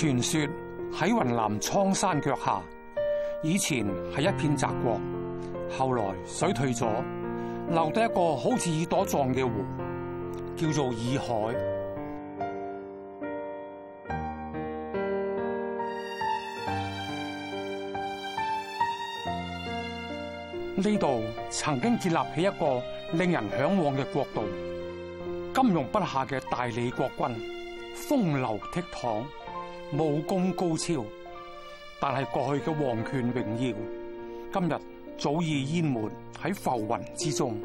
傳說喺雲南蒼山腳下，以前係一片澤國，後來水退咗，留低一個好似耳朵狀嘅湖，叫做洱海。呢度 曾經建立起一個令人嚮往嘅國度，金庸筆下嘅大理國君，風流倜儻。武功高超，但係過去嘅皇權榮耀，今日早已湮沒喺浮雲之中。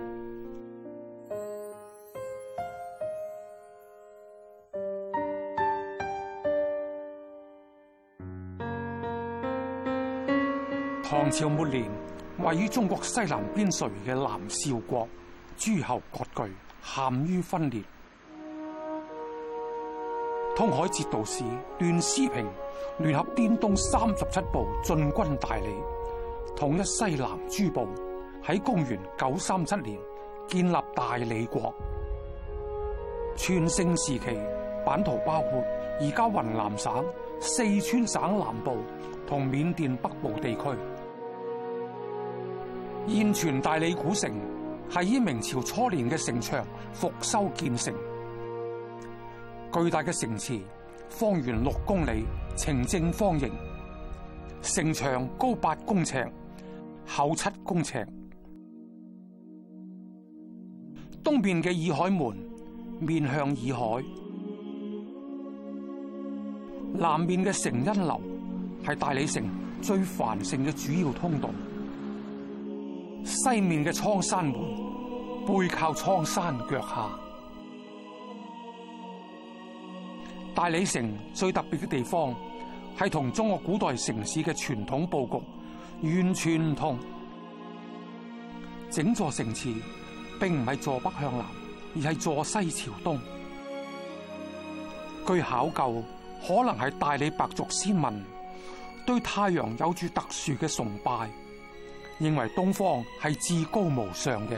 唐朝末年，位於中國西南邊陲嘅南詔國，諸侯割據，陷於分裂。通海節度使段思平聯合滇東三十七部進軍大理，統一西南諸部。喺公元九三七年建立大理國。全盛時期版圖包括而家雲南省、四川省南部同緬甸北部地區。現存大理古城係以明朝初年嘅城牆復修建成。巨大嘅城池，方圓六公里，呈正方形，城牆高八公尺，厚七公尺。東面嘅洱海門面向洱海，南面嘅承恩樓係大理城最繁盛嘅主要通道，西面嘅蒼山門背靠蒼山腳下。大理城最特別嘅地方係同中國古代城市嘅傳統佈局完全唔同，整座城池並唔係坐北向南，而係坐西朝東。據考究，可能係大理白族先民對太陽有住特殊嘅崇拜，認為東方係至高無上嘅。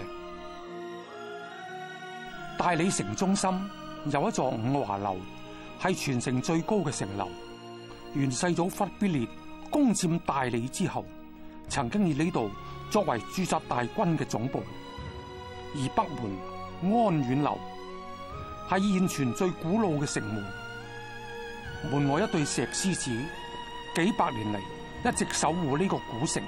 大理城中心有一座五華樓。係全城最高嘅城樓，元世祖忽必烈攻佔大理之後，曾經以呢度作為駐紮大軍嘅總部。而北門安遠樓係現存最古老嘅城門，門外一對石獅子，幾百年嚟，一直守護呢個古城。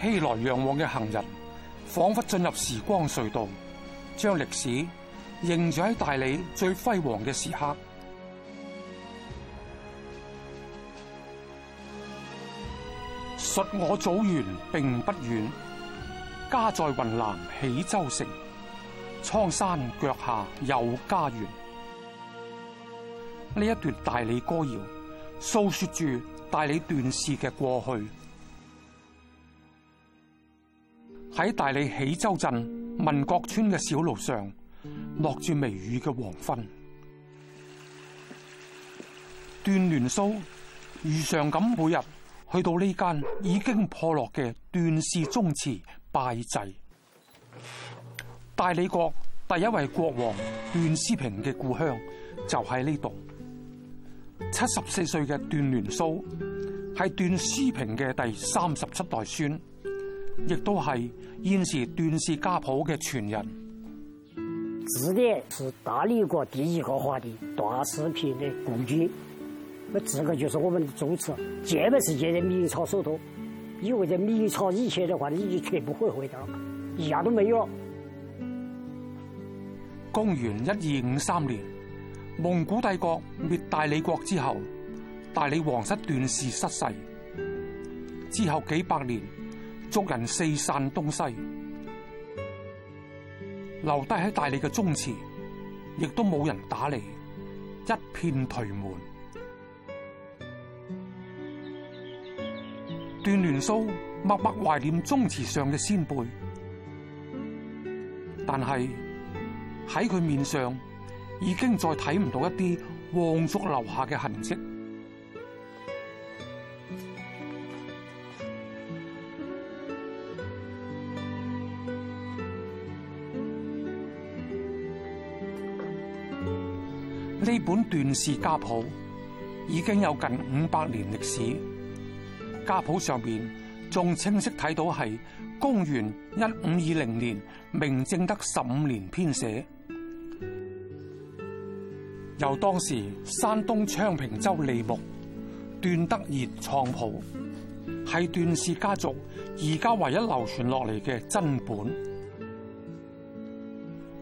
熙來攘往嘅行人。仿佛進入時光隧道，將歷史凝住喺大理最輝煌嘅時刻。述我祖源並不遠，家在雲南喜洲城，蒼山腳下有家園。呢一段大理歌謠，訴說住大理段氏嘅過去。喺大理喜洲鎮文國村嘅小路上，落住微雨嘅黃昏。段聯蘇如常咁每日去到呢間已經破落嘅段氏宗祠拜祭。大理國第一位國王段思平嘅故鄉就喺呢度。七十四歲嘅段聯蘇係段思平嘅第三十七代孫。亦都係現時段氏家譜嘅傳人。字典是大理國第一個皇帝段思平嘅故居，我這個就是我們的宗祠，這個是借在明朝首都，因為在明朝以前的話已經全部毀毀掉，一樣都沒有。公元一二五三年，蒙古帝國滅大理國之後，大理王室段氏失勢，之後幾百年。族人四散東西，留低喺大理嘅宗祠，亦都冇人打理，一片頹門。段聯蘇默默懷念宗祠上嘅先輩，但係喺佢面上已經再睇唔到一啲皇族留下嘅痕迹。呢本段氏家譜已經有近五百年歷史，家譜上面仲清晰睇到係公元一五二零年明正德十五年編寫，由當時山東昌平州利木段德業創譜，係段氏家族而家唯一流傳落嚟嘅真本。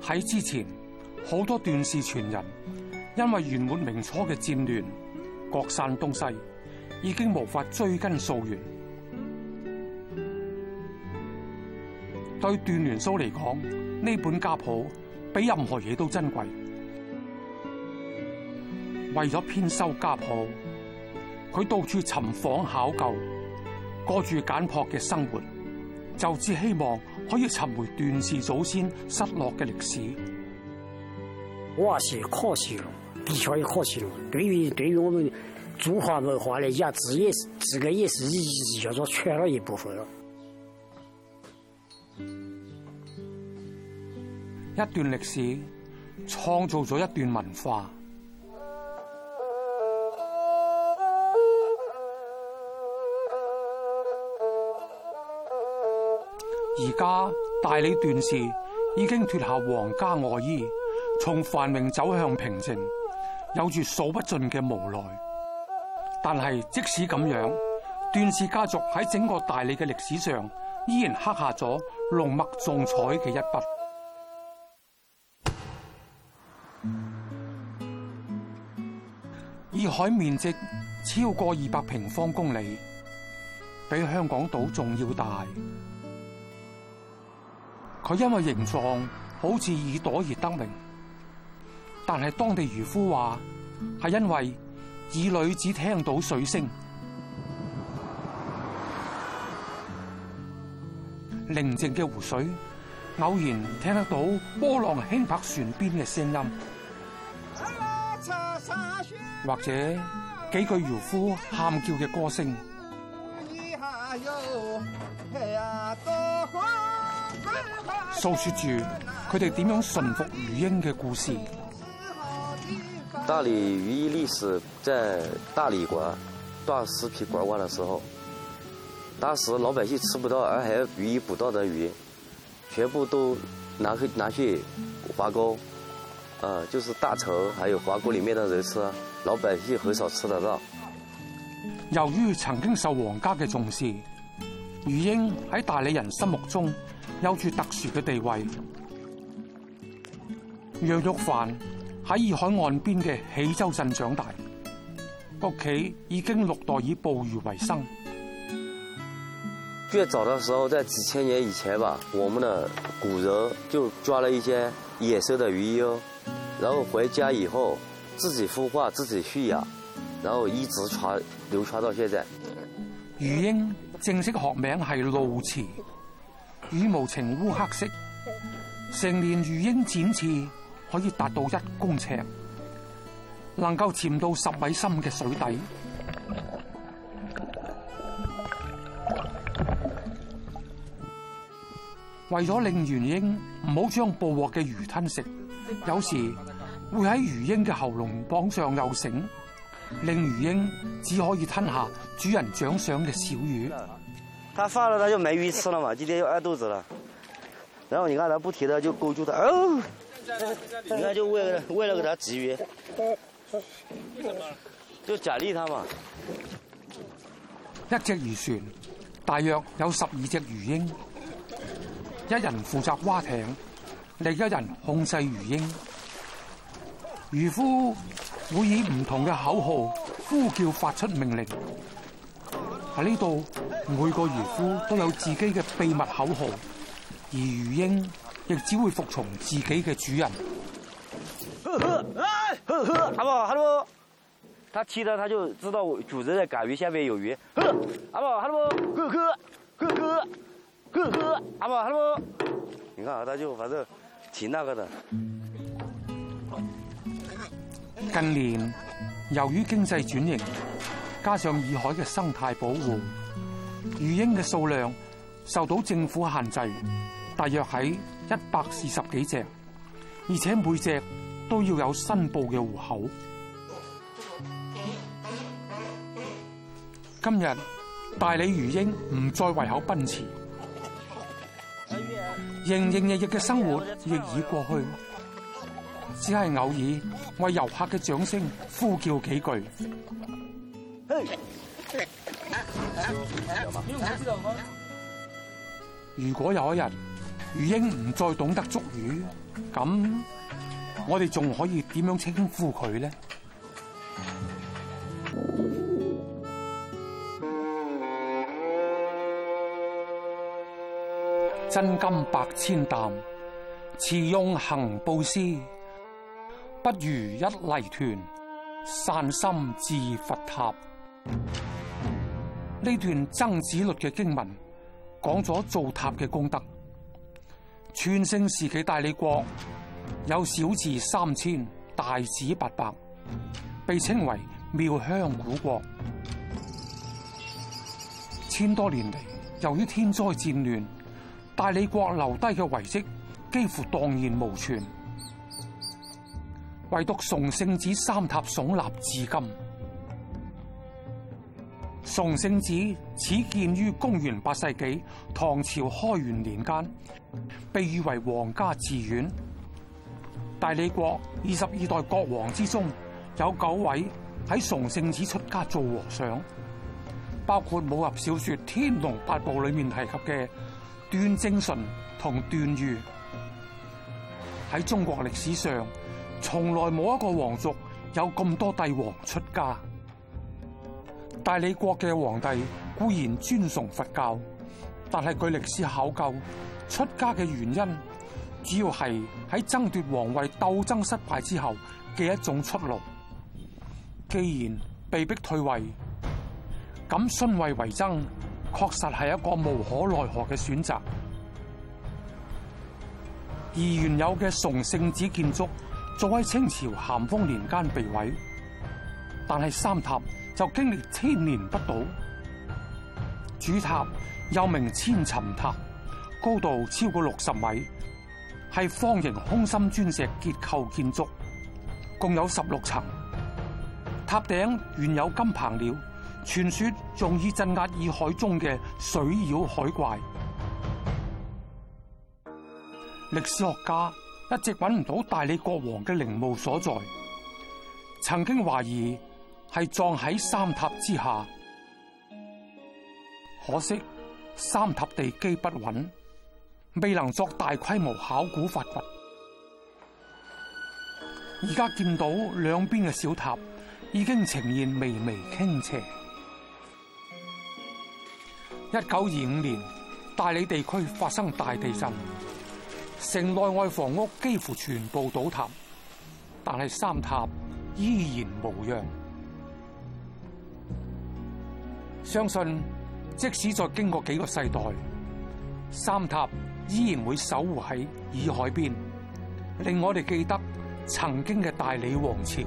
喺之前好多段氏傳人。因為元末明初嘅戰亂，各散東西，已經無法追根溯源。對段聯蘇嚟講，呢本家譜比任何嘢都珍貴。為咗編修家譜，佢到處尋訪考究，過住簡朴嘅生活，就只希望可以尋回段氏祖先失落嘅歷史。我話是科學。的確也可惜咯，對於對於我們中華文化來講，這也是這個也是一叫做缺了一部分了。一段歷史，創造咗一段文化。而家大理段氏已經脫下皇家外衣，從繁榮走向平靜。有住數不盡嘅無奈，但係即使咁樣，段氏家族喺整個大理嘅歷史上依然刻下咗濃墨重彩嘅一筆。洱海面積超過二百平方公里，比香港島仲要大。佢因為形狀好似耳朵而得名。但係當地漁夫話，係因為耳裏只聽到水聲，寧靜嘅湖水偶然聽得到波浪輕拍船邊嘅聲音，或者幾句漁夫喊叫嘅歌聲，訴說住佢哋點樣馴服魚鷹嘅故事。大理魚鷹歷史，在大理國段思平呱呱的時候，當時老百姓吃不到洱海魚鷹捕到的魚，全部都拿去拿去皇宮，呃，就是大廚還有皇宮裏面的人吃，老百姓很少吃得到。由於曾經受皇家的重視，魚鷹喺大理人心目中有住特殊嘅地位。楊肉飯。喺洱海岸邊嘅喜洲鎮長大，屋企已經六代以捕魚為生。最早的時候，在幾千年以前吧，我們的古人就抓了一些野生的魚鷹，然後回家以後自己孵化、自己馴養，然後一直傳流傳到現在。魚鷹正式學名係鸕鷀，羽毛呈烏黑色，成年魚鷹展翅。可以達到一公尺，能夠潛到十米深嘅水底。為咗令魚鷹唔好將捕獲嘅魚吞食，有時會喺魚鷹嘅喉嚨綁上幼繩，令魚鷹只可以吞下主人掌上嘅小魚。它翻了，它就沒魚吃了嘛！今天又餓肚子了。然後你看，它不提的就勾住它，哦、呃。佢就為為了佢，他集約，就獎勵他嘛。一隻漁船大約有十二隻魚鷹，一人負責划艇，另一人控制魚鷹。漁夫會以唔同嘅口號呼叫，發出命令。喺呢度，每個漁夫都有自己嘅秘密口號，而魚鷹。亦只會服從自己嘅主人。呵呵，阿伯，阿叔，他聽咧，他就知道主人嘅杆魚下面有魚。呵呵，阿伯，阿叔，呵呵，呵呵，呵呵，阿伯，阿叔。你看，他就反正。錢啊，嗰度。近年，由於經濟轉型，加上洱海嘅生態保護，魚鷹嘅數量受到政府限制，大約喺。一百四十幾隻，而且每隻都要有申報嘅戶口。今日大理魚鷹唔再為口奔馳，營營日日嘅生活亦已過去，只係偶爾為遊客嘅掌聲呼叫幾句。如果有一日，魚鷹唔再懂得捉魚，咁我哋仲可以點樣稱呼佢呢？真金百千擔，持用行布施，不如一泥團散心自佛塔。呢段《曾子律》嘅經文講咗造塔嘅功德。全盛時期，大理國有小字三千，大字八百，被稱為妙香古國。千多年嚟，由於天災戰亂，大理國留低嘅遺跡幾乎蕩然無存，唯獨崇聖寺三塔聳立至今。崇聖寺始建於公元八世紀唐朝開元年間，被譽為皇家寺院。大理國二十二代國王之中，有九位喺崇聖寺出家做和尚，包括武俠小說《天龍八部》裏面提及嘅段正淳同段譽。喺中國歷史上，從來冇一個皇族有咁多帝王出家。大理國嘅皇帝固然尊崇佛教，但係據歷史考究，出家嘅原因主要係喺爭奪皇位鬥爭失敗之後嘅一種出路。既然被逼退位，咁信位為僧，確實係一個無可奈何嘅選擇。而原有嘅崇聖寺建築，早喺清朝咸豐年間被毀，但係三塔就經歷千年不倒。主塔又名千尋塔，高度超過六十米，係方形空心磚石結構建築，共有十六層。塔頂原有金鵬鳥，傳說仲以鎮壓洱海中嘅水妖海怪。歷史學家一直搵唔到大理國王嘅陵墓所在，曾經懷疑。係葬喺三塔之下，可惜三塔地基不穩，未能作大規模考古發掘。而家見到兩邊嘅小塔已經呈現微微傾斜。一九二五年，大理地區發生大地震，城內外房屋幾乎全部倒塌，但係三塔依然無恙。相信即使再經過幾個世代，三塔依然會守護喺洱海邊，令我哋記得曾經嘅大理王朝。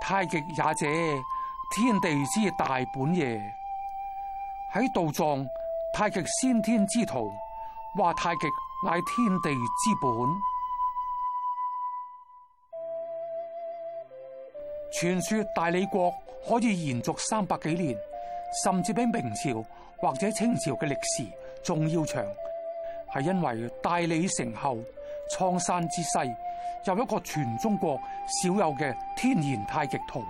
太極也者，天地之大本也。喺道藏，太極先天之圖話太極乃天地之本。傳說大理國可以延續三百幾年，甚至比明朝或者清朝嘅歷史仲要長，係因為大理城後蒼山之西有一個全中國少有嘅天然太極圖。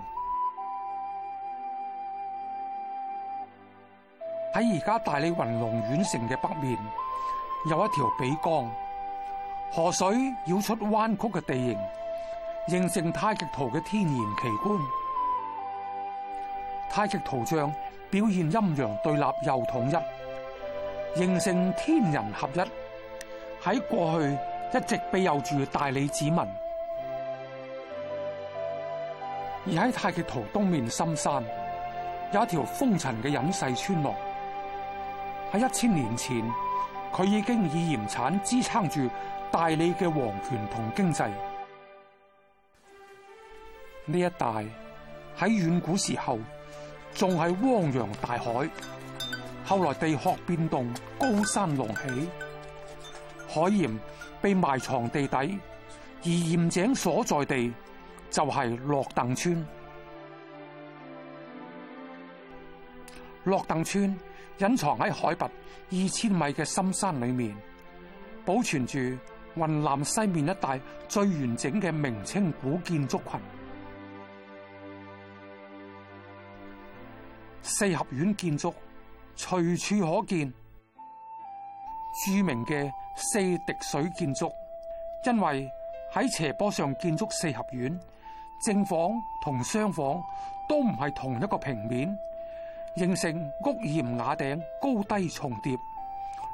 喺而家大理雲龍縣城嘅北面，有一條比江，河水繞出彎曲嘅地形。形成太極圖嘅天然奇觀，太極圖像表現陰陽對立又統一，形成天人合一。喺過去一直庇佑住大理子民，而喺太極圖東面深山有一條封塵嘅隱世村落，喺一千年前佢已經以鹽產支撐住大理嘅皇權同經濟。呢一帶喺遠古時候仲係汪洋大海，後來地殼變動，高山隆起，海鹽被埋藏地底，而鹽井所在地就係諾鄧村。諾鄧村隱藏喺海拔二千米嘅深山裏面，保存住雲南西面一帶最完整嘅明清古建築群。四合院建築隨處可見，著名嘅四滴水建築，因為喺斜坡上建築四合院，正房同廂房都唔係同一個平面，形成屋檐瓦頂高低重疊，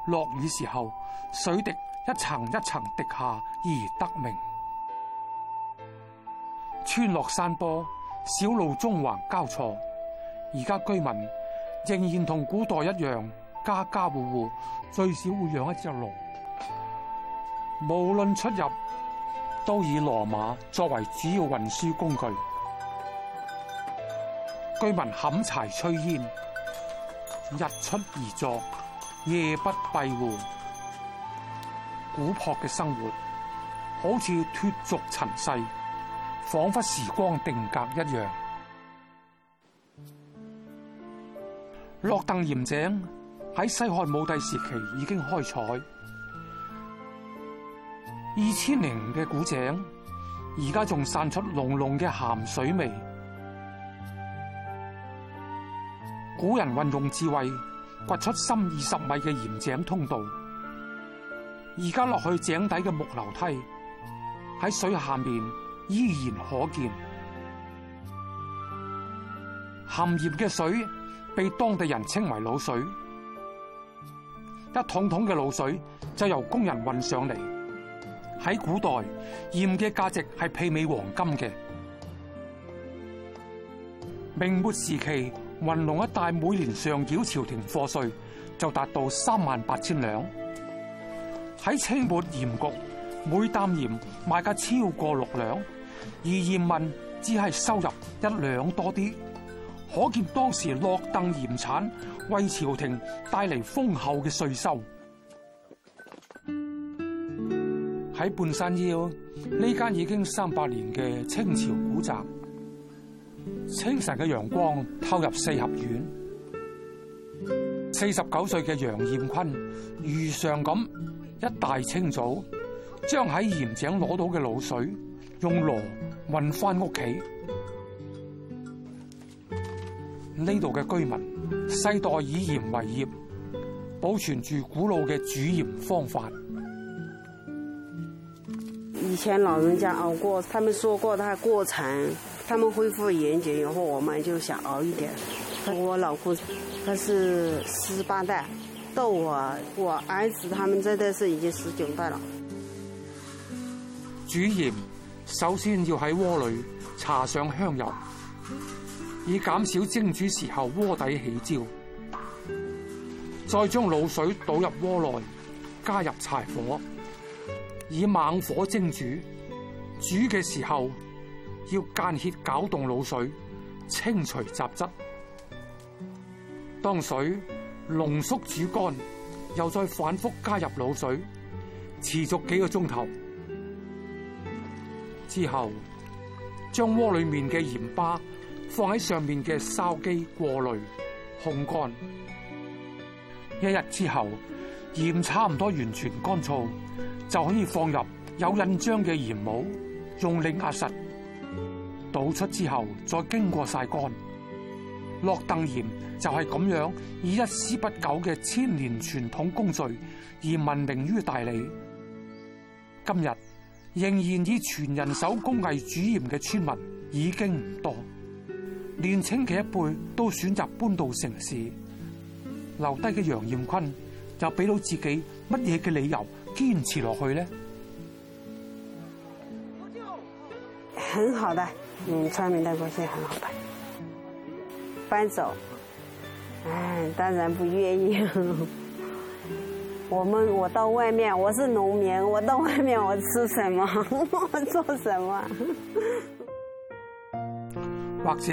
落雨時候水滴一層一層滴下而得名。村落山坡，小路縱橫交錯。而家居民仍然同古代一樣，家家戶戶最少會養一隻龍。無論出入都以羅馬作為主要運輸工具。居民砍柴炊煙，日出而作，夜不閉戶，古樸嘅生活好似脫俗塵世，彷彿時光定格一樣。落鄧鹽井喺西漢武帝時期已經開採，二千年嘅古井，而家仲散出濃濃嘅咸水味。古人運用智慧掘出深二十米嘅鹽井通道，而家落去井底嘅木樓梯喺水下面依然可見，咸鹽嘅水。被當地人稱為滷水，一桶桶嘅滷水就由工人運上嚟。喺古代，鹽嘅價值係媲美黃金嘅。明末時期，雲龍一帶每年上繳朝廷課稅就達到三萬八千兩。喺清末鹽局，每擔鹽賣價超過六兩，而鹽民只係收入一兩多啲。可見當時落鄧鹽產為朝廷帶嚟豐厚嘅稅收。喺半山腰呢間已經三百年嘅清朝古宅，清晨嘅陽光偷入四合院。四十九歲嘅楊艷坤，如常咁一大清早，將喺鹽井攞到嘅滷水用籮運翻屋企。呢度嘅居民世代以鹽為業，保存住古老嘅煮鹽方法。以前老人家熬過，他們說過他過程，他們恢復鹽鹼以後，我們就想熬一點。我老公他是十八代，到我，我兒子，他們真的是已經十九代了。煮鹽首先要喺鍋裏搽上香油。以減少蒸煮時候鍋底起焦，再將滷水倒入鍋內，加入柴火，以猛火蒸煮。煮嘅時候要間歇攪動滷水，清除雜質。當水濃縮煮乾，又再反覆加入滷水，持續幾個鐘頭之後，將鍋裏面嘅鹽巴，放喺上面嘅筲箕過濾、烘乾，一日之後鹽差唔多完全乾燥，就可以放入有印章嘅鹽帽，用力壓實，倒出之後再經過曬乾。落鄧鹽就係咁樣，以一絲不苟嘅千年傳統工序而聞名於大理。今日仍然以全人手工藝煮鹽嘅村民已經唔多。年輕嘅一輩都選擇搬到城市，留低嘅楊艷坤又俾到自己乜嘢嘅理由堅持落去呢？很好的，嗯，村民帶過去很好的。搬走，唉，當然不願意。我們我到外面，我是農民，我到外面我吃什麼？我做什麼？或者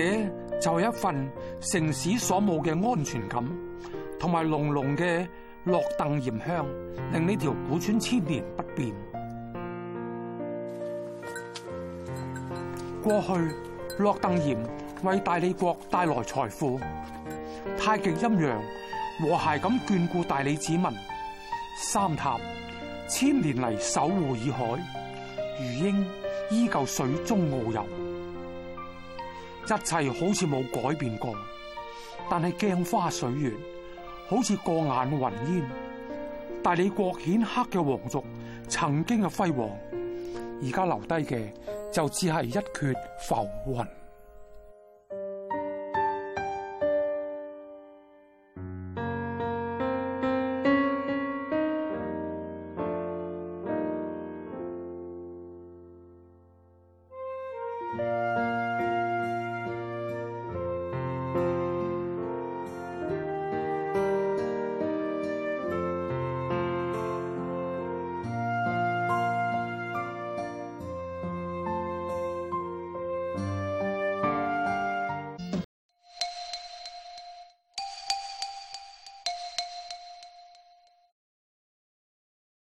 就係一份城市所冇嘅安全感，同埋濃濃嘅落鄧鹽香，令呢條古村千年不變。過去，落鄧鹽為大理國帶來財富，太極陰陽和諧咁眷顧大理子民。三塔千年嚟，守護洱海，魚鷹依舊水中遨遊。一切好似冇改變過，但係鏡花水月，好似過眼雲煙。大理國顯赫嘅皇族，曾經嘅輝煌，而家留低嘅就只係一闕浮雲。